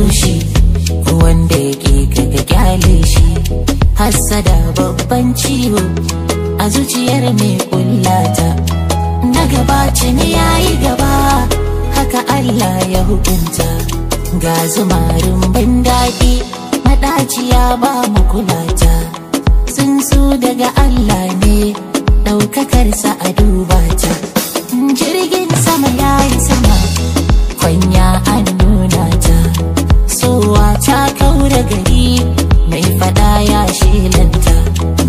haushi wanda yake ga kyale shi hassada babban ciwo a zuciyar mai kullata na gaba ne ya yi gaba haka Allah ya hukunta ga zumarin ban daɗi maɗaciya ba mu kulata sun su daga Allah ne da gari mai fada ya shilanta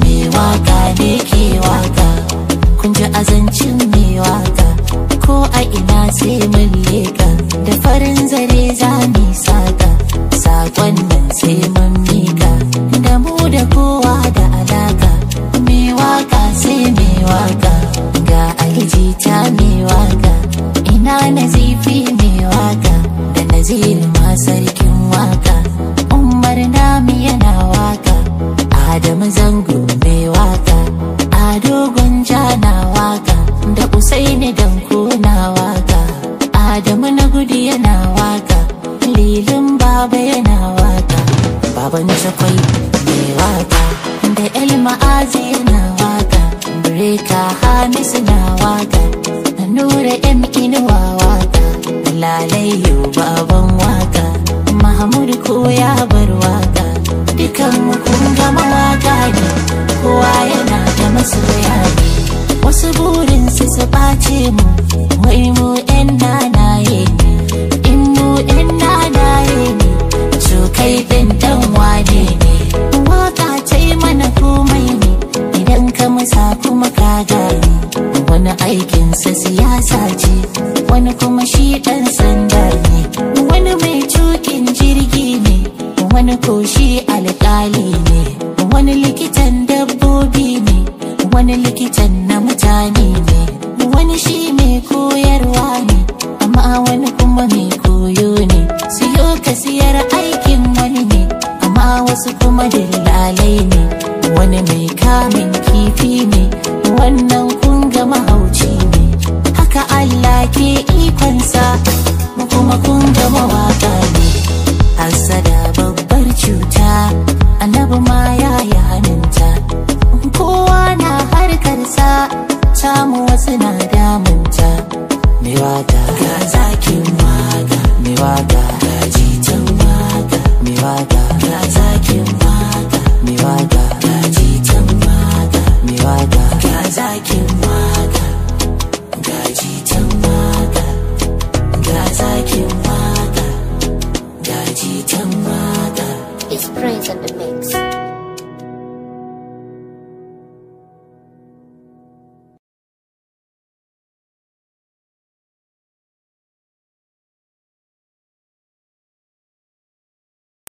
mai waka ne ke waka kun ji azancin mai waka ko a ina sai mun leka da farin zare za mu saka sakon nan sai mun mika da mu da kowa da alaka mai waka sai mai waka ga aljita mai waka ina nazifi mai waka da nazil ma sarkin waka marnami yana waka adamu zango mai waka ado gwanja na waka da usaini danko na waka adamu na gudu yana waka lilin baba yana waka baban zakwai mai waka da elma azi yana waka breka hamisu na waka nura em inuwa waka lalayo baban waka mahmud ko ya aikinsa siyasa ce wani kuma shi ɗan sanda ne wani mai tukin jirgi ne wani ko shi alƙali ne wani likitan dabbobi ne wani likitan na mutane ne wani shi mai koyarwa ne amma wani kuma mai koyo ne siyo ka siyar aiki waka zakin waka mai waka gajitan zakin waka mai waka gajitan waka zakin waka gajitan waka ga zakin It's praise the mix.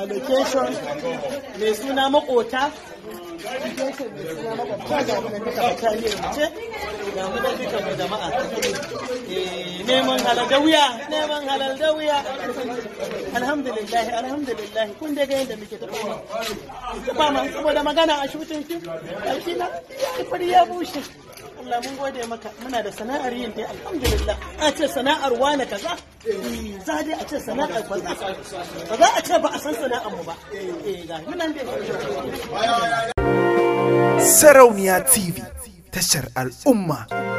a location mai suna makota neman halal da wuya neman halal da wuya alhamdulillah alhamdulillah kun daga da muke tafiya ba man da magana a shutin shi a kina ya bushe alhamdulillah mun gode maka muna da sana'ar yin dai alhamdulillah a ce sana'ar wane kaza za dai a ce sana'ar ba za ba za a ce ba a san sana'ar mu ba eh ga munan dai Sarauniya TV tashar al'umma